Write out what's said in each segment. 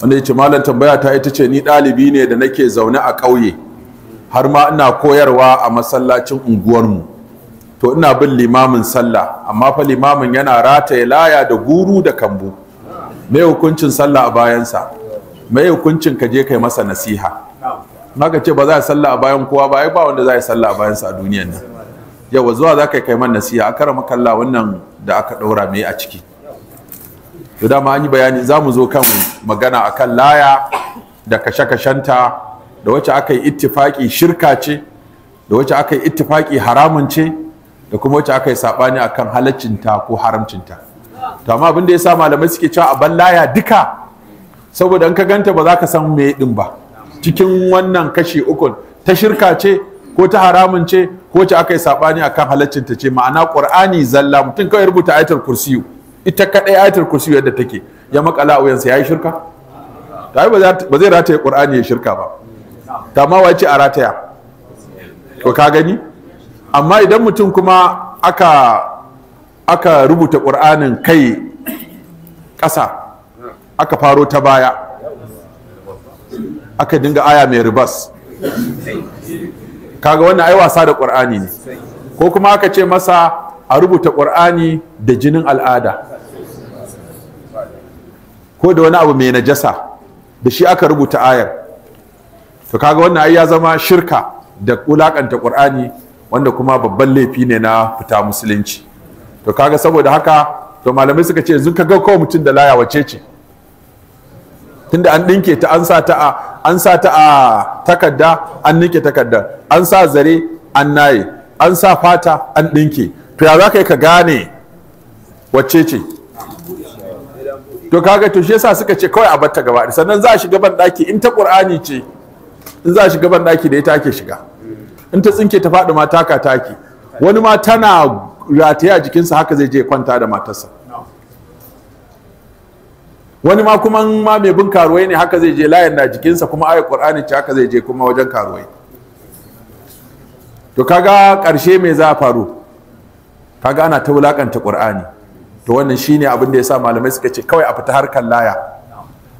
wanda ya ce malam tambaya ta ita ce ni ɗalibi ne da nake zaune a ƙauye har ma ina koyarwa a masallacin unguwarmu to ina bin limamin sallah amma fa limamin yana rataye laya da guru da kambu Mai hukuncin sallah a bayansa mai hukuncin ka je kai masa nasiha naka ce ba za a sallah a bayan kowa ba ai ba wanda za a sallah a bayansa a duniyan nan yawa zuwa za ka kai man nasiha a karama kalla wannan da aka ɗaura mai a ciki da dama an yi bayani za mu zo kan magana akan laya da kashe-kashenta da wacce aka yi ittifaki shirka ce da wacce aka yi ittifaki haramun ce da kuma wacce aka yi saɓani akan halaccinta ko haramcinta to amma abin da ya sa malamai suke cewa a ban laya duka saboda in ka ganta ba za ka san me din ba cikin wannan kashi ukun ta shirka ce ko ta haramun ce ko ce aka yi saɓani akan halaccinta ce ma'ana ƙur'ani zalla mutum kawai rubuta ayatul kursiyu ita kaɗai ayatul kursi yadda take ya makala a wuyansa yayi shirka ta ba zai rataya qur'ani ya shirka ba ta ma wace a rataya Ko ka gani amma idan mutum kuma aka aka rubuta qur'anin kai ƙasa aka faro ta baya aka dinga aya mai ribas kaga wannan ai wasa da qur'ani ne ko kuma aka ce masa a rubuta qur'ani da jinin al'ada ko da wani abu mai najasa da shi aka rubuta ayar to kaga wannan ai ya zama shirka da wulakanta qur'ani wanda kuma babban laifi ne na fita musulunci to kaga saboda haka to malamai suka ce yanzu kaga kawai mutum da laya wace ce tunda an dinke ta an sa ta a an sa ta a takarda an ninke takarda an sa zare an naye an sa fata an dinke to ya za ka gane wace ce to kaga to shi yasa suka ce kawai a batta gaba sannan za a shiga ban daki in ta qur'ani ce in za a shiga ban daki da ita ake shiga in ta tsinke ta faɗi mata ka taki wani ma tana rataye a jikinsa haka zai je kwanta da matarsa wani ma kuma ma mai bin karuwai ne haka zai je layan na jikinsa kuma ayat qur'ani ce haka zai je kuma wajen karuwai to kaga karshe me za a faru kaga ana ta wulakanta qur'ani to wannan shine abin da sa malamai suka ce kawai a fita harkar laya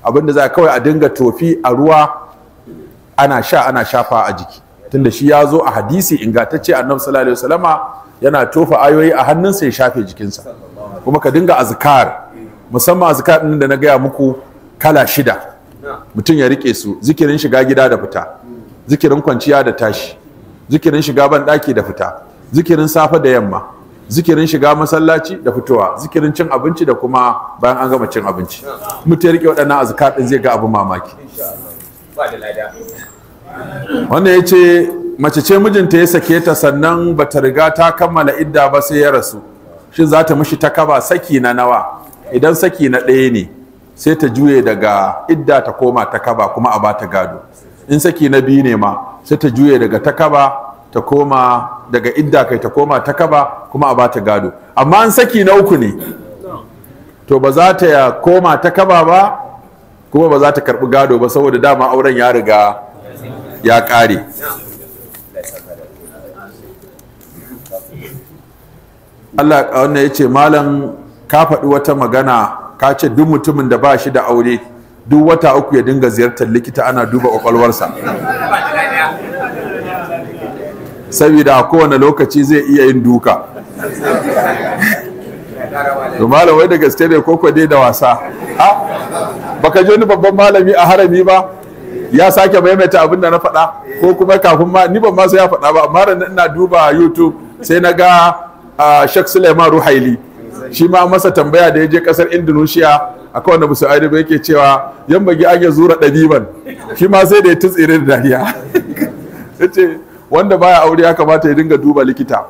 abin da za kawai a dinga tofi a ruwa ana sha ana shafa a jiki tunda shi ya zo a hadisi ingantacce annabi sallallahu alaihi wasallama yana tofa ayoyi a hannunsa ya shafe jikinsa kuma ka dinga azkar musamman azkar din da na gaya muku kala shida mutum ya rike su zikirin shiga gida da fita zikirin kwanciya da tashi zikirin shiga ban daki da fita zikirin safe da yamma zikirin shiga masallaci da fitowa zikirin cin abinci da kuma bayan an gama cin abinci mutum ya rike waɗannan azkar din zai ga abin mamaki wanda ya ce mace ce mijinta ya sake ta sannan ba ta riga ta kammala idda ba sai ya rasu shin za ta mishi ta kaba saki na nawa idan saki na ɗaya ne sai ta juye daga idda ta koma ta kaba kuma a ba ta gado in saki na biyu ne ma sai ta juye daga ta kaba ta koma daga idda kai ta koma ta kaba kuma a bata gado amma an saki na uku ne to ba za ta ya koma ta kaba ba kuma ba za ta karbi gado ba saboda dama auren ya riga ya kare Allah wannan ya ce malam ka faɗi wata magana ka ce duk mutumin da ba shi da aure duk wata uku ya dinga ziyartar likita ana duba ƙwaƙwalwarsa. saboda a kowane lokaci zai iya yin duka to wai da gaske ne ko dai da wasa baka ji wani babban malami a harami ba ya sake maimaita abin da na faɗa ko kuma kafin ma ni ban ma sai ya faɗa ba amma da ina duba youtube sai na ga Sheikh Suleiman Ruhaili shi ma masa tambaya da ya je kasar Indonesia a kowane musu aida yake cewa yan bagi ake zura ɗabiban shi ma sai da ya tutsire da dariya wanda baya aure ya kamata ya dinga duba likita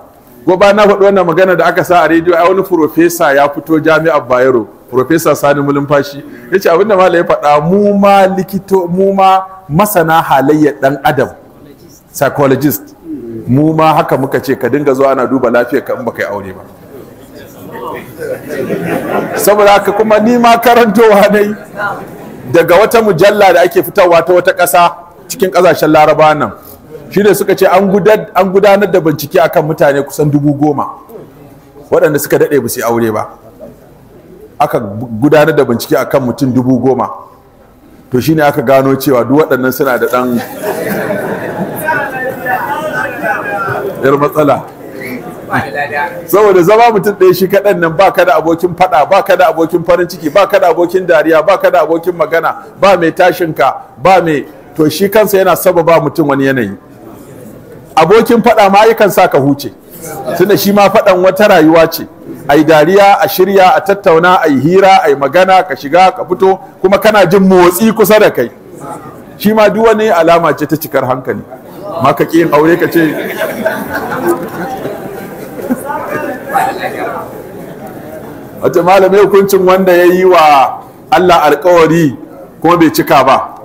ko ba na faɗi wannan magana da aka sa a rediyo ai wani profesa ya fito jami'ar Bayero profesa Sani Mulumfashi yace abinda malai ya faɗa mu ma likito mu ma masana halayyar dan adam psychologist mu ma haka muka ce ka dinga zuwa ana duba lafiyar ka in baka yi aure ba saboda haka kuma ni ma karantowa ne daga wata mujalla da ake fitarwa ta wata ƙasa cikin ƙasashen laraba nan shi ne suka ce an gudanar da bincike akan mutane kusan dubu goma waɗanda suka daɗe ba su aure ba aka gudanar da bincike akan mutum dubu goma to shine aka gano cewa duk waɗannan suna da ɗan yar matsala saboda zama mutum ɗaya shi kaɗan nan ba ka da abokin faɗa ba ka da abokin farin ciki ba ka da abokin dariya ba ka da abokin magana ba mai tashinka ba mai to shi kansa yana sababa mutum wani yanayi abokin faɗa ma yakan sa ka huce tunda shi ma faɗan wata rayuwa ce ai dariya a shirya a tattauna ai hira ai magana ka shiga ka fito kuma kana jin motsi kusa da kai shi ma duk wani alama ce ta cikar hankali ma ka ƙi aure ka ce wata malamai hukuncin wanda ya yi wa Allah alkawari kuma bai cika ba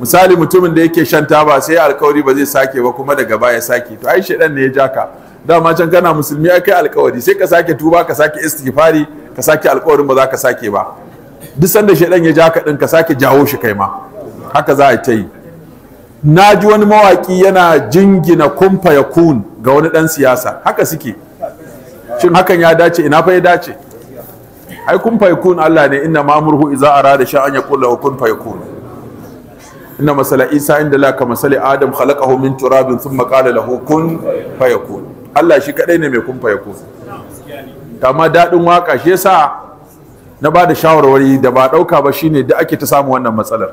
misali mutumin da yake shan taba sai alkawari ba zai sake ba kuma daga baya sake to ai shedan ne ya ja ka dama can kana musulmi ai kai alkawari sai ka sake tuba ka sake istighfari ka sake alkawarin ba za ka sake ba duk sanda shedan ya ja ka din ka sake jawo shi kai ma haka za a ta yi na ji wani mawaki yana jingina kumfa ya kun ga wani dan siyasa haka suke shin hakan ya dace ina fa ya dace ai kun fa kun Allah ne inna ma iza arada sha'an yaqul lahu kun fa yakun inna masala isa inda laka masali adam khalaqahu min turabin sun qala lahu kun fayakun Allah shi kadai ne mai kun fayakun amma dadin waka shi yasa na ba shawarwari da ba dauka ba shine da ake ta samu wannan matsalar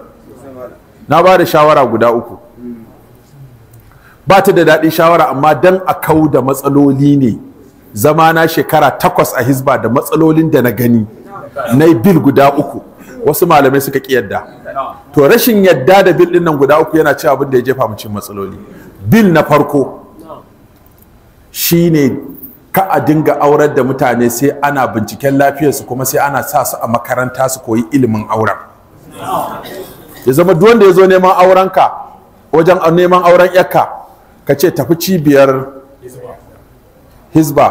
na bada shawara guda uku ba ta da daɗin shawara amma dan a kau da matsaloli ne zama na shekara takwas a hizba da matsalolin da na gani na bil guda uku wasu malamai suka ƙi to rashin yadda da bil din nan guda uku yana ci abin da ya jefa mu cikin matsaloli bil na farko shine ka a dinga aurar da mutane sai ana binciken lafiyarsu kuma sai ana sa su a makaranta su koyi ilimin auren ya zama duk wanda ya zo neman aurenka wajen neman auren yakka ka ce tafi cibiyar hizba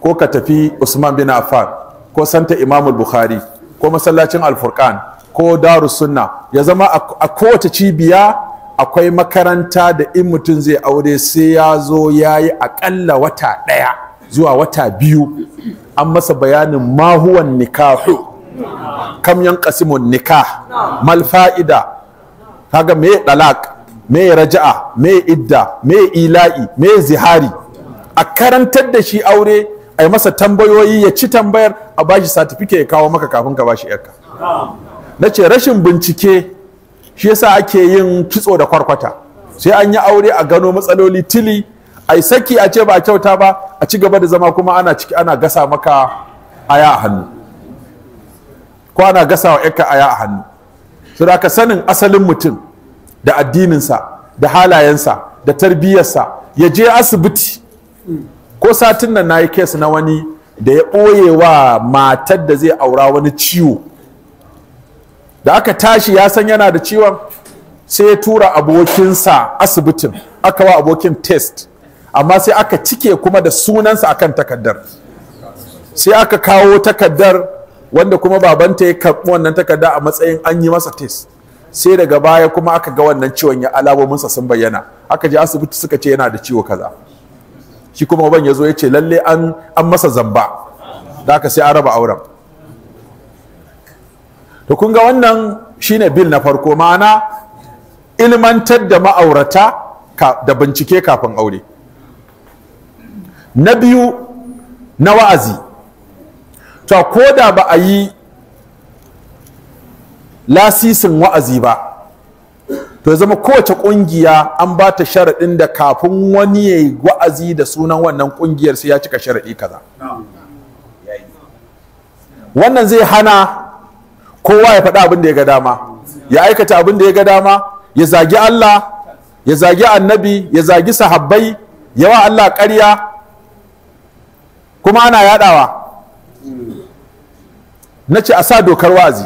ko ka tafi usman bin affan ko santa imamul bukhari ko masallacin alfurkan ko daru sunna ya zama a kowace cibiya akwai makaranta da in mutum zai aure sai ya zo ya yi aƙalla wata ɗaya zuwa wata biyu an masa bayanin mahuwan nikahu kam yan kasimun nikah mal fa'ida kaga me dalaq me raja'a me idda me ila'i me zihari a karantar da shi aure a masa tambayoyi ya ci tambayar a bashi satifike ya kawo maka kafin ka bashi yarka na ce rashin bincike shi yasa ake yin kitso da kwarkwata sai an yi aure a gano matsaloli tili ai saki a ce ba kyauta ba a ci gaba da zama kuma ana ciki ana gasa maka aya a hannu ko ana gasa wa yarka aya a hannu su da sanin asalin mutum da addininsa da halayensa da tarbiyyarsa ya je asibiti ko satin nan na yi kes na wani da ya ɓoye wa matar da zai aura wani ciwo da aka tashi ya san yana da ciwon sai ya tura abokinsa asibitin aka wa abokin test amma sai aka cike kuma da sunansa akan takaddar sai aka kawo takaddar wanda kuma babanta ya karɓi wannan takarda a matsayin an yi masa test sai daga baya kuma aka ga wannan ciwon ya alamominsa sun bayyana aka je asibiti suka ce yana da ciwo kaza shi kuma ban ya zo ya ce lalle an masa zamba da aka sai an raba auren to kun ga wannan shine bil na farko ma'ana ilmantar da ma'aurata da bincike kafin aure na biyu na wa'azi to ko da ba a yi lasisin wa'azi ba to ya zama kowace ƙungiya an ba ta sharaɗin da kafin wani ya yi wa'azi da sunan wannan ƙungiyar sai ya cika sharaɗi kaza wannan zai hana kowa ya faɗa abin da ya ga dama ya aikata abin da ya ga dama ya zagi Allah ya zagi annabi ya zagi sahabbai yawa Allah ƙarya kuma ana yadawa na ce a sa dokar wa'azi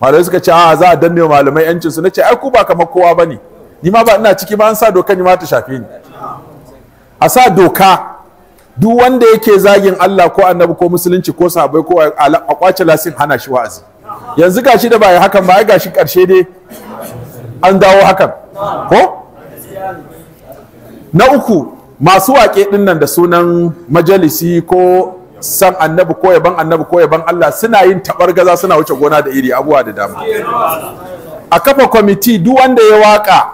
malamai suka ce a za a danne malamai yancin na ce ai ku ba kamar kowa ba ne ni ma ba ina ciki ba an sa dokar ni ma ta shafe ni a sa doka duk wanda yake zagin Allah ko annabi ko musulunci ko sahabbai ko a kwace lasin hana shi wa'azi yanzu gashi da ba hakan ba ai gashi karshe dai an dawo hakan ko na uku masu waƙe ɗinnan nan da sunan majalisi ko san annabi ko yaban annabi ko yaban Allah suna yin gaza suna wuce gona da iri abuwa da dama a kafa kwamiti duk wanda ya waka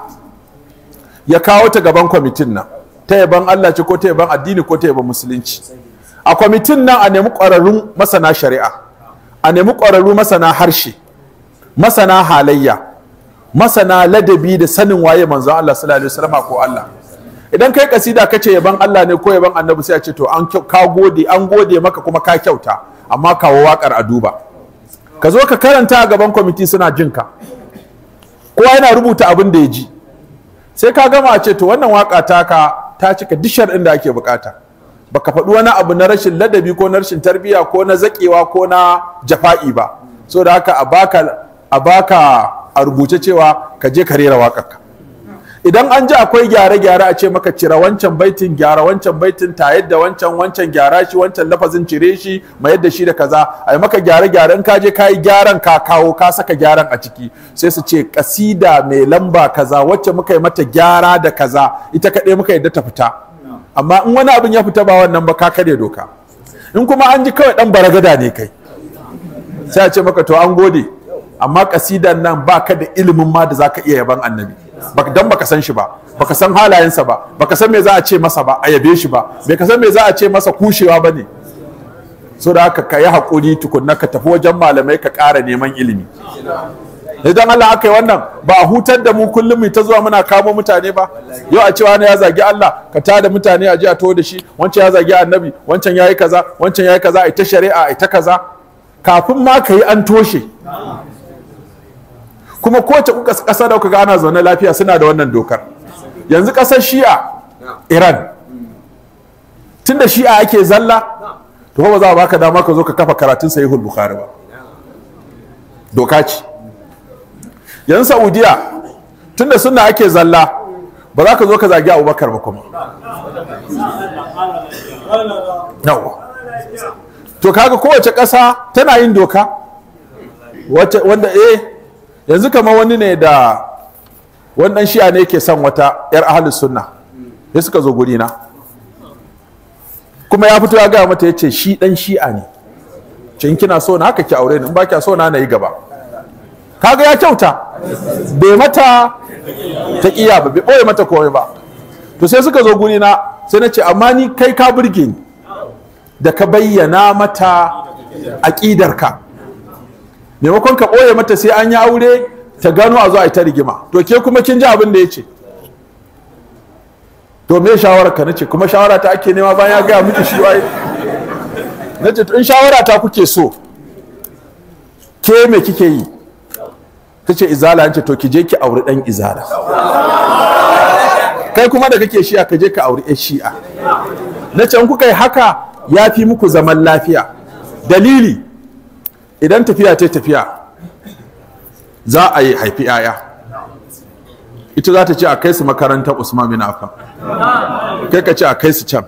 ya kawo ta gaban kwamitin nan ta yaban Allah ce ko ta yaban addini ko ta yaban musulunci a kwamitin nan a nemi ƙwararrun masana shari'a a nemi ƙwararru masana harshe masana halayya masana ladabi da sanin waye manzon Allah sallallahu alaihi wasallam ko Allah idan kai kasida kace yaban Allah ne ko yaban annabi sai a ce to an ka gode an gode maka kuma ka kyauta amma kawo wakar a duba ka zo ka karanta a gaban kwamiti suna jin ka kowa yana rubuta abin da ya ji sai ka gama a ce to wannan waka ka ta cika dishar inda ake bukata baka faɗi wani abu na rashin ladabi ko na rashin tarbiyya ko na zaƙewa ko na jafa'i ba so da haka a baka a baka rubuce cewa ka je ka rera waƙarka idan an ji akwai gyare-gyare a ce maka cira wancan baitin gyara wancan baitin ta yadda wancan wancan gyara shi wancan lafazin cire shi ma yadda shi da kaza ai maka gyare-gyare in ka je ka yi gyaran ka kawo ka saka gyaran a ciki sai su ce kasida mai lamba kaza wacce muka yi mata gyara da kaza ita kaɗai muka yadda ta fita amma in wani abin ya fita ba wannan ba ka karya doka in kuma an ji kawai dan baragada ne kai sai a ce maka to an gode amma kasidan nan ba ka da ilimin ma da zaka iya yaban annabi dan baka san shi ba baka san halayensa ba baka san me za a ce masa ba a yabe shi ba bai ka san me za a ce masa kushewa ba ne so da haka ka yi haƙuri tukunna ka tafi wajen malamai ka ƙara neman ilimi idan Allah aka yi wannan ba a hutar da mu kullum mu ta zuwa muna kamo mutane ba yau a cewa ne ya zagi Allah ka ta da mutane a ji a da shi wancan ya zagi annabi wancan yayi kaza wancan yayi kaza ai ta shari'a ai ta kaza kafin ma ka yi an toshe kuma kowace kuka kasa da kuka ga ana zaune lafiya suna da wannan dokar yanzu kasar shi'a iran tunda shi'a ake zalla to ba za a baka dama ka zo ka kafa karatun sahihul bukhari ba doka ce yan saudiya da suna ake zalla ba za ka zo ka zagi abubakar ba kuma to kaga kowace ƙasa tana yin doka wanda eh yanzu kama wani ne da wannan shi'a ne ke son wata 'yar ahalin sunna ya suka zo guri kuma ya fito ya gaya mata ya ce shi dan shi'a ne cin kina so na haka ki aure ni in ba kya so na na yi gaba kaga ya kyauta bai mata ta kiya ba bai ɓoye mata komai ba to sai suka zo guri na sai na ce amma ni kai ka burge ni da ka bayyana mata aƙidarka maimakon ka ɓoye mata sai an yi aure ta gano a zo a ta rigima to ke kuma kin ji abin da ya ce to me shawara ka nace kuma shawara ta ake nema bayan ya gaya miki shi wai nace to in shawara ta kuke so ke me kike yi ta ce izala to ki je ki auri dan izala kai kuma da kake shi'a ka je ka auri yan shi'a na can kuka yi haka ya fi muku zaman lafiya dalili idan tafiya ta tafiya za a yi haifi 'ya'ya ita za ta ce a kai su makarantar usman bin affan kai ka ce a kai su can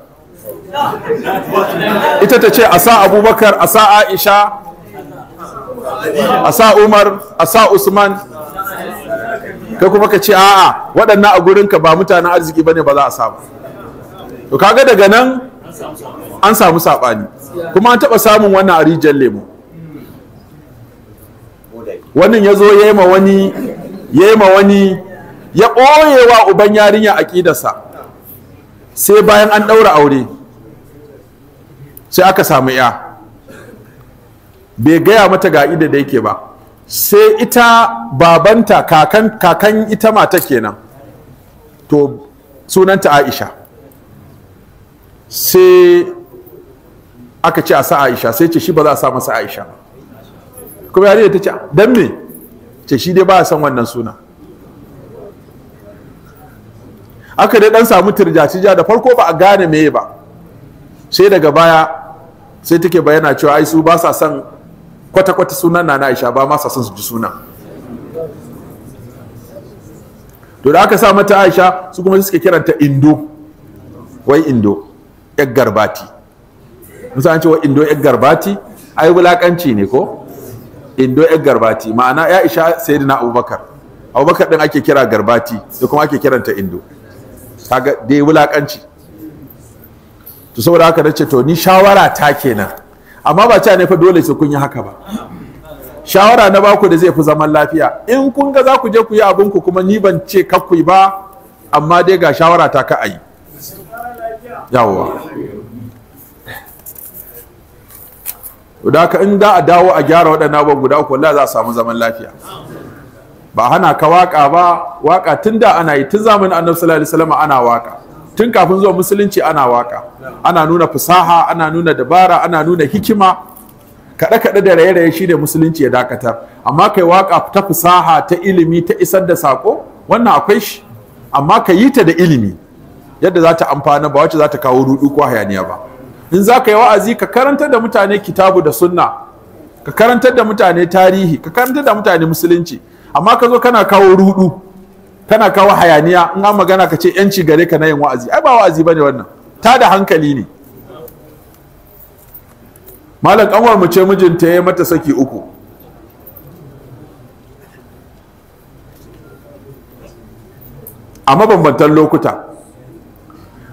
ita ta ce a sa abubakar a sa aisha a sa umar a sa usman kai kuma ka ce a'a waɗannan a gurinka ba mutanen arziki bane ba za a samu to kaga daga nan an samu saɓani kuma an taɓa samun wannan a rijiyar lemo wannan ya zo ya ma wani ya ma wani ya ɓoye wa uban yarinya a aƙidarsa sai bayan an ɗaura aure sai aka samu ya bai gaya mata ga ida da yake ba sai ita babanta kakan kakan ita mata kenan to sunanta Aisha sai aka ce a sa Aisha sai ce shi ba za a sa masa Aisha kuma yare ta ce dan me ce shi dai ba a san wannan suna aka dai dan samu tirjacija da farko ba a gane meye ba sai daga baya sai take bayyana cewa ai su ba sa son kwata-kwata sunan na Aisha ba ma sa son su ji suna to da aka sa mata Aisha su kuma suke kiranta Indo wai Indo yar garbati musa an ce wa Indo yar garbati ai wulakanci ne ko Indo yar garbati ma'ana ya Aisha sayyidina Abubakar Abubakar din ake kira garbati da kuma ake kiranta Indo kaga dai wulakanci to saboda haka nace to ni shawara ta kenan amma ba cewa ne fa dole sai kun yi haka ba shawara na baku da zai fi zaman lafiya in kun ga za ku je ku yi abin ku kuma ni ban ce kakku ba amma dai ga shawara ta ka ayi yawwa ka in da a dawo a gyara waɗannan abubuwan guda uku wallahi za a samu zaman lafiya ba hana ka waka ba waka tun da ana yi tun zamanin annabi sallallahu alaihi wasallam ana waka tun kafin zuwa musulunci ana waka ana nuna fasaha ana nuna dabara ana nuna hikima kaɗe kaɗe da raye raye shi ne musulunci ya dakatar amma kai waka ta fasaha ta ilimi ta isar da sako wannan akwai shi amma ka yi ta da ilimi yadda za ta amfana ba wacce za ta kawo rudu ko hayaniya ba in za ka yi wa'azi ka karantar da mutane kitabu da sunna ka karantar da mutane tarihi ka karantar da mutane musulunci amma ka zo kana kawo rudu kana kawo hayaniya in an magana ka ce yanci gare ka na yin wa'azi ai ba wa'azi bane wannan ta da hankali ne malam kanwar mu ce mijinta ya mata saki uku a mabambantan lokuta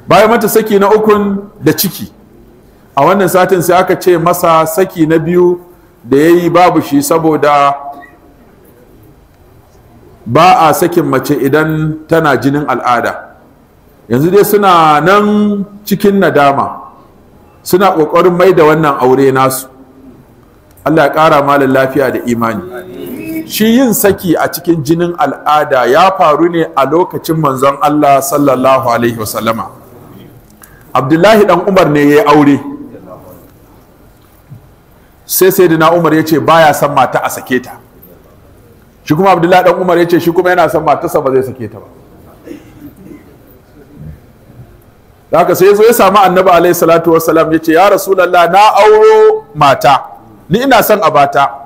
bayan mata saki na ukun da ciki a wannan satin sai aka ce masa saki na biyu da ya yi babu shi saboda ba a sakin mace idan tana jinin al'ada yanzu dai suna nan cikin nadama suna ƙoƙarin mai da wannan aure nasu allah ya ƙara malin lafiya da imani shi yin saki a cikin jinin al'ada ya faru ne a lokacin manzon allah sallallahu alaihi wasallama abdullahi dan umar ne ya yi aure sai sai umar ya ce baya son mata a sake ta shi kuma abdullahi dan umar ya ce shi kuma yana son matarsa ba zai sake ta ba haka sai zo ya samu annabi alaihi salatu wassalam ya ce ya rasulallah na auro mata ni ina son a bata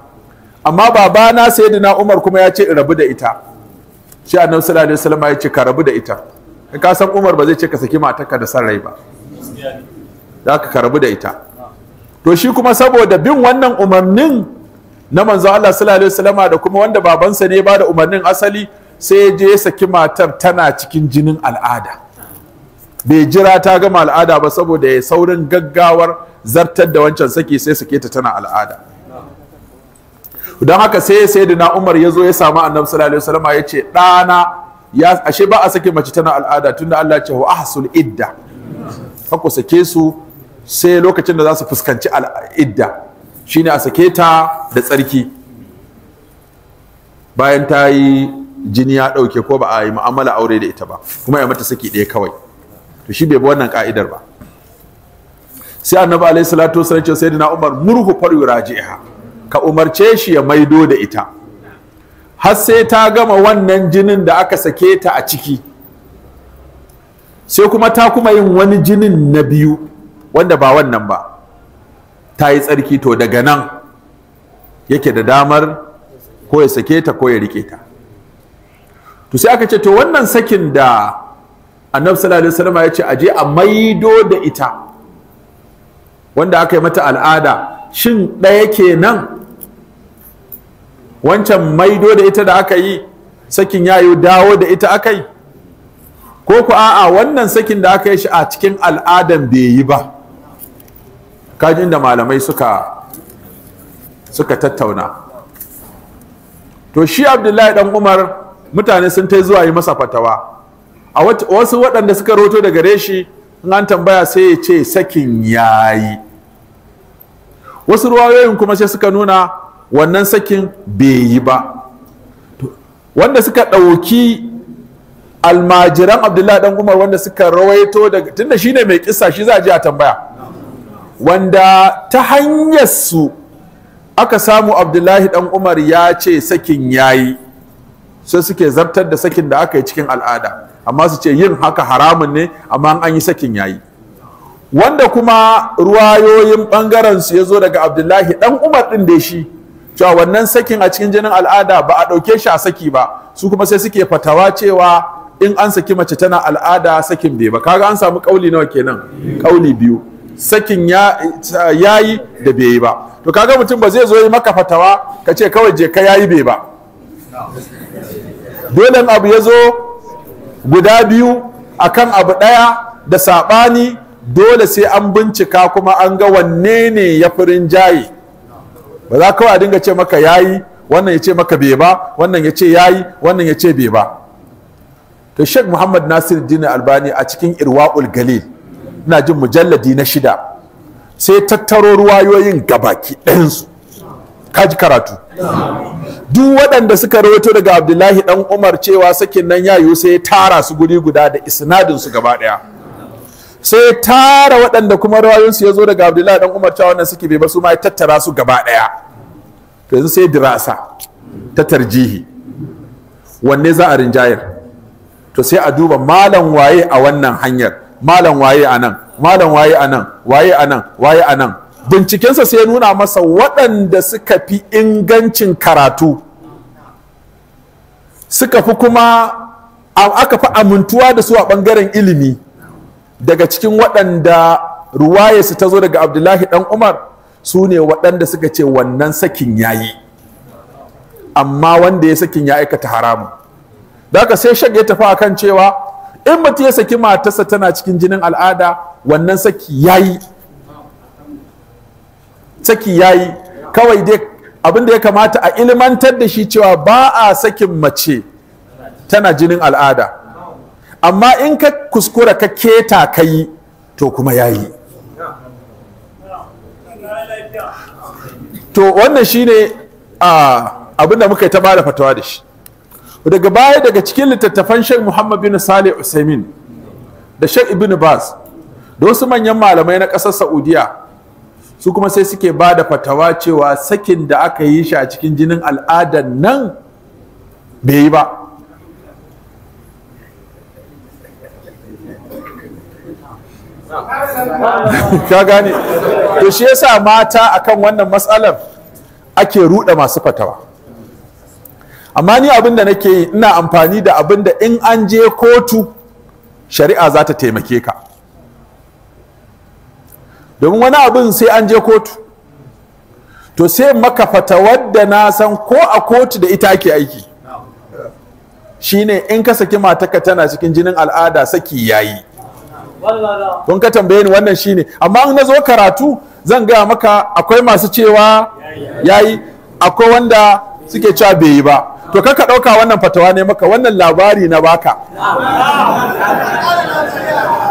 amma babana na umar kuma ya ce rabu da ita shi annabi sallallahu alaihi wasallam ya ce ka rabu da ita in ka san umar ba zai ce ka saki matarka da san rai ba da ka rabu da ita to shi kuma saboda bin wannan umarnin na manzo Allah sallallahu alaihi wasallama da kuma wanda babansa ne ba da umarnin asali sai ya je saki matar tana cikin jinin al'ada bai jira ta gama al'ada ba saboda ya saurin gaggawar zartar da wancan saki sai sake ta tana al'ada don haka sai na Umar ya zo ya samu annabi sallallahu alaihi wasallama ya ce ɗana ya ashe ba a sake mace tana al'ada tunda Allah ce wa ahsul idda ka ku sake su sai lokacin da za su fuskanci idda shine a sake ta da tsarki bayan ta yi jini ya ɗauke ko ba a yi mu'amala aure da ita ba kuma ya mata saki ɗaya kawai to shi bai bi wannan ka'idar ba sai annabi alaihi salatu wasallam ce sayyidina umar murhu far yuraji'ha ka umarce shi ya maido da ita har sai ta gama wannan jinin da aka sake ta a ciki sai kuma ta kuma yin wani jinin na biyu wanda ba wannan ba ta yi tsarki to daga nan yake da damar ko ya sake ta ko ya rike ta to sai aka ce to wannan sakin da annabi sallallahu alaihi ya ce aje a maido da ita wanda aka yi mata al'ada shin ɗaya nan? wancan maido da ita da aka yi sakin ya yi dawo da ita aka yi ko ku a'a wannan sakin da aka yi shi a cikin al'adan bai yi ba kajin da malamai suka suka tattauna to shi abdullahi dan umar mutane sun ta zuwa yi masa fatawa a wasu waɗanda suka roto daga reshi in an tambaya sai ya ce sakin yayi wasu ruwayoyin kuma sai suka nuna wannan sakin bai yi ba wanda suka ɗauki almajiran abdullahi dan umar wanda suka rawaito daga tunda ne mai kisa shi za a je a tambaya wanda ta hanyar su aka samu abdullahi dan umar ya ce sakin yayi sai suke zartar da sakin da aka yi cikin al'ada amma su ce yin haka haramun ne amma an yi sakin yayi wanda kuma ruwayoyin bangaren ya zo daga abdullahi dan umar din da shi cewa wannan sakin a cikin jinin al'ada ba a ɗauke shi a saki ba su kuma sai suke fatawa cewa in an saki mace tana al'ada sakin bai ba kaga an samu kauli nawa kenan kauli biyu sakin ya yi da bai yi ba to kaga mutum ba zai zo yi maka fatawa ka ce kawai je ka yayi bai ba dole abu ya zo guda biyu akan abu ɗaya da saɓani dole sai an bincika kuma an ga wanne ne ya furin jaye ba za kawai a dinga ce maka yayi wannan ya ce maka bai ba wannan ya ce yayi wannan ya ce bai ba to sheikh muhammad nasir dini albani a cikin irwa'ul galil ina jin mujalladi na shida sai tattaro ruwayoyin gabaki ɗayansu kaji karatu duk waɗanda suka rawato daga abdullahi ɗan umar cewa sakin nan yayu sai ya tara su guri guda da isnadin gaba ɗaya sai tara waɗanda kuma rawayoyinsu ya zo daga abdullahi ɗan umar cewa wannan suke bai ba su ma ya tattara su gaba ɗaya to yanzu sai dirasa ta tarjihi wanne za a rinjayar to sai a duba malam waye a wannan hanyar malam waye a nan malam waye a nan waye a nan waye a nan bincikensa sai ya nuna masa waɗanda suka fi ingancin karatu suka fi kuma aka fi amintuwa da su a ɓangaren ilimi daga cikin waɗanda ruwayesu ta zo daga abdullahi ɗan umar sune ne waɗanda suka ce wannan sakin yayi amma wanda ya sakin ya aikata haramun da aka sai shag ya tafi akan cewa in mutum ya saki matarsa tana cikin jinin al'ada wannan saki yayi saki yayi kawai dai abin da ya kamata a ilmantar da shi cewa ba a sakin mace tana jinin al'ada amma in ka kuskura ka keta ka yi to kuma yayi to wannan shine ah, abin da muka yi ta bada fatawa da shi daga baya daga cikin littattafan Sheikh Muhammad bin Salih Usaimin da Sheikh Ibn Baz da wasu manyan malamai na ƙasar Saudiya su kuma sai suke ba da fatawa cewa sakin da aka yi shi a cikin jinin al'adar nan bai yi ba ka gane to shi yasa mata akan wannan matsalar ake ruɗa masu fatawa amma ni abin da nake yi ina amfani da abin da in an je kotu shari'a za ta taimake ka domin wani abin sai an je kotu to sai maka fatawar da na san ko a kotu da ita ke aiki shine in ka saki mataka tana cikin jinin al'ada saki yayi don ka tambaye ni wannan shine amma in na zo karatu zan gaya maka akwai masu cewa yayi akwai wanda suke cewa bai yi ba to kaka ɗauka wannan fatawa ne maka wannan labari na baka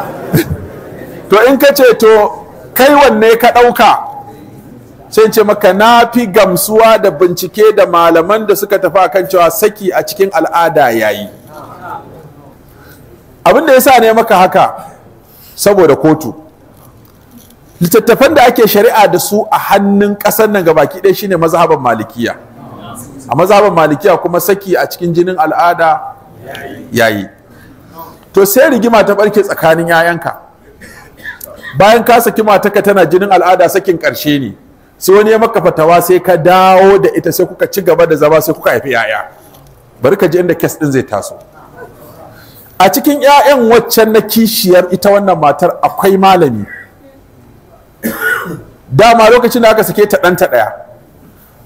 to in ka ce to kai wanne ka ɗauka sai ce maka na fi gamsuwa da bincike da malaman da suka tafi a kan cewa saki a cikin al'ada yayi abin da ya sa ne maka haka saboda kotu littattafan da ake shari'a da su a hannun ƙasar nan ga baki ɗaya shine mazhaban malikiya a mazhaban malikiya kuma saki a cikin jinin al'ada yayi to sai rigima ta barke tsakanin yayanka bayan ka saki mataka tana jinin al'ada sakin karshe ne sai wani ya maka fatawa sai ka dawo da ita sai kuka ci gaba da zama sai kuka haifi yaya bari ka ji inda kes din zai taso a cikin 'ya'yan waccan na kishiyar ita wannan matar akwai malami dama lokacin da aka sake ta ɗanta ɗaya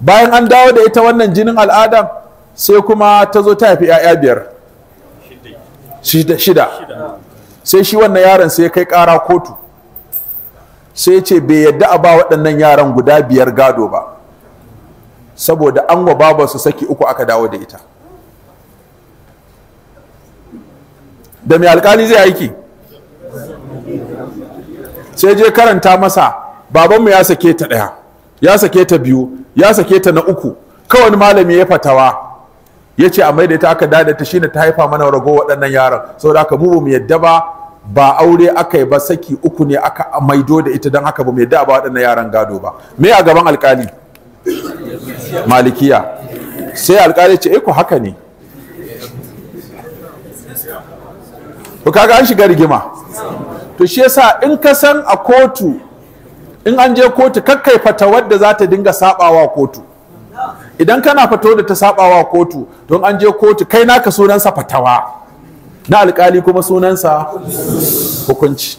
bayan an dawo da ita wannan jinin al'adan sai kuma ta zo ta haifi 'ya'ya biyar shida sai shi wannan yaron sai kai kara kotu sai ce bai yadda a ba waɗannan yaran guda biyar gado ba saboda an wa babarsu saki uku aka dawo da ita da mai alkali zai aiki sai je karanta masa babanmu ya sake ta ɗaya ya sake ta biyu ya sake ta na uku kawai malami ya fatawa ya ce a maida ta aka dada ta shine ta haifa mana rago waɗannan yaran saboda haka mu mu yadda ba ba aure aka yi ba saki uku ne aka maido da ita don haka ba mu yadda waɗannan yaran gado ba me a gaban alkali malikiya sai alkali ce iko eh, haka ne to kaga an shiga rigima to shi yasa in ka san a kotu in an je kotu kakkai fata wadda za ta dinga sabawa kotu idan kana fito da ta sabawa kotu don an je kotu kai naka sunansa fatawa na alkali kuma sunansa hukunci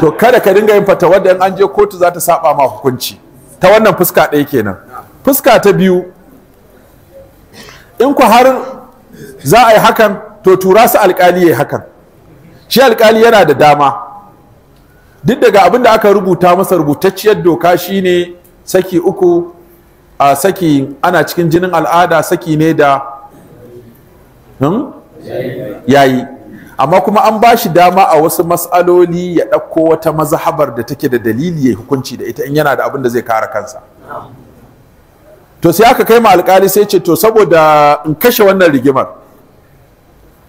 to kada ka dinga yin fata wadda in an je kotu za ta saba ma hukunci ta wannan fuska ɗaya kenan fuska ta biyu in ku har za a yi hakan to tura su alkali ya yi hakan shi alkali yana da dama duk daga abin da aka rubuta masa rubutacciyar doka shine saki uku a saki ana cikin jinin al'ada saki ne da hmm? yayi amma kuma an ba shi dama a wasu matsaloli ya ɗauko wata mazhabar da take da dalili ya hukunci da ita in yana da abin da zai kare kansa to sai aka kai ma alkali sai ce to saboda in kashe wannan rigimar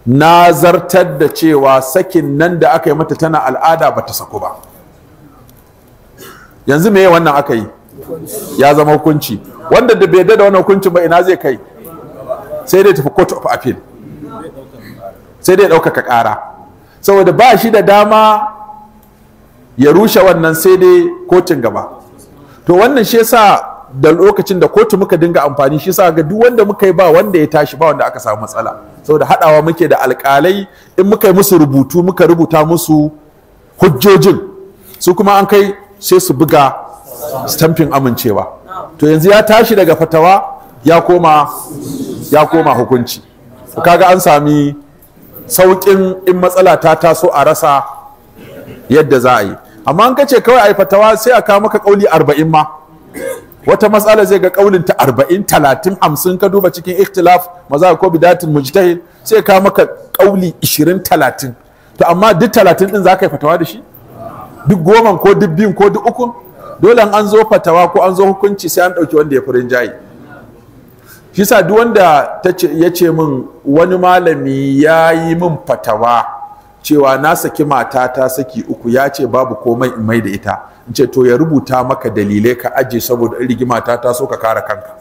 na zartar da cewa sakin nan da aka yi mata tana al'ada ba ta sako ba yanzu me wannan aka yi ya zama hukunci wanda da bai da wannan hukuncin ba ina zai kai sai dai tafi court of appeal sai dai ɗaukaka ƙara saboda ba shi da dama ya rushe wannan sai dai kotun gaba to wannan shi yasa da lokacin da kotu muka dinga amfani shi sa ga duk wanda muka yi ba wanda ya tashi ba wanda aka samu matsala saboda haɗawa muke da alkalai in muka yi musu rubutu muka rubuta musu hujjojin su kuma an kai sai su buga stamfin amincewa to yanzu ya tashi daga fatawa ya koma ya koma hukunci kaga an sami sauƙin in matsala ta taso a rasa yadda za a yi amma an kace kawai a yi fatawa sai a kawo maka ƙauli arba'in ma wata matsala zai ga kaulin ta 40 30 50 ka duba cikin ikhtilaf maza ko bidatin mujtahid sai ka maka kauli 20 30 to amma duk talatin din zaka yi fatawa da shi duk goma ko duk biyun ko duk ukun dole an zo fatawa ko an zo hukunci sai an dauki wanda ya furin jayi shi sa duk wanda ya ce min wani malami ya yi min fatawa cewa na saki matata saki uku ya ce babu komai in mai da ita in ce to ya rubuta maka dalilai ka aje saboda in rigima ta so ka kare kanka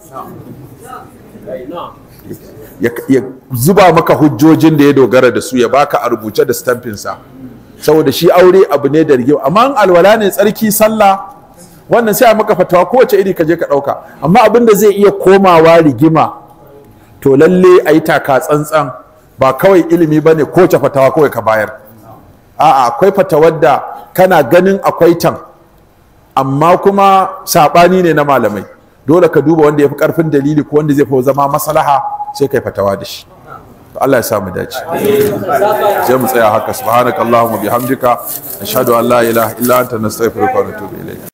ya zuba maka hujjojin da ya dogara da su ya baka a rubuce da stampin sa saboda shi aure abu ne da rigima amma alwala ne tsarki sallah wannan sai a maka fatawa kowace iri ka je ka ɗauka amma abin da zai iya komawa rigima to lalle a yi taka tsantsan ba kawai ilimi ba ne ko fatawa kawai ka bayar a'a akwai fatawar da kana ganin akwai can amma kuma saɓani ne na malamai dole ka duba wanda ya fi ƙarfin dalili ko wanda zai fi zama maslaha sai kai fatawa da shi Allah ya sa mu dace sai mu tsaya haka subhanakallahumma bihamdika ashhadu an la ilaha illa anta nastaghfiruka wa natubu ilayk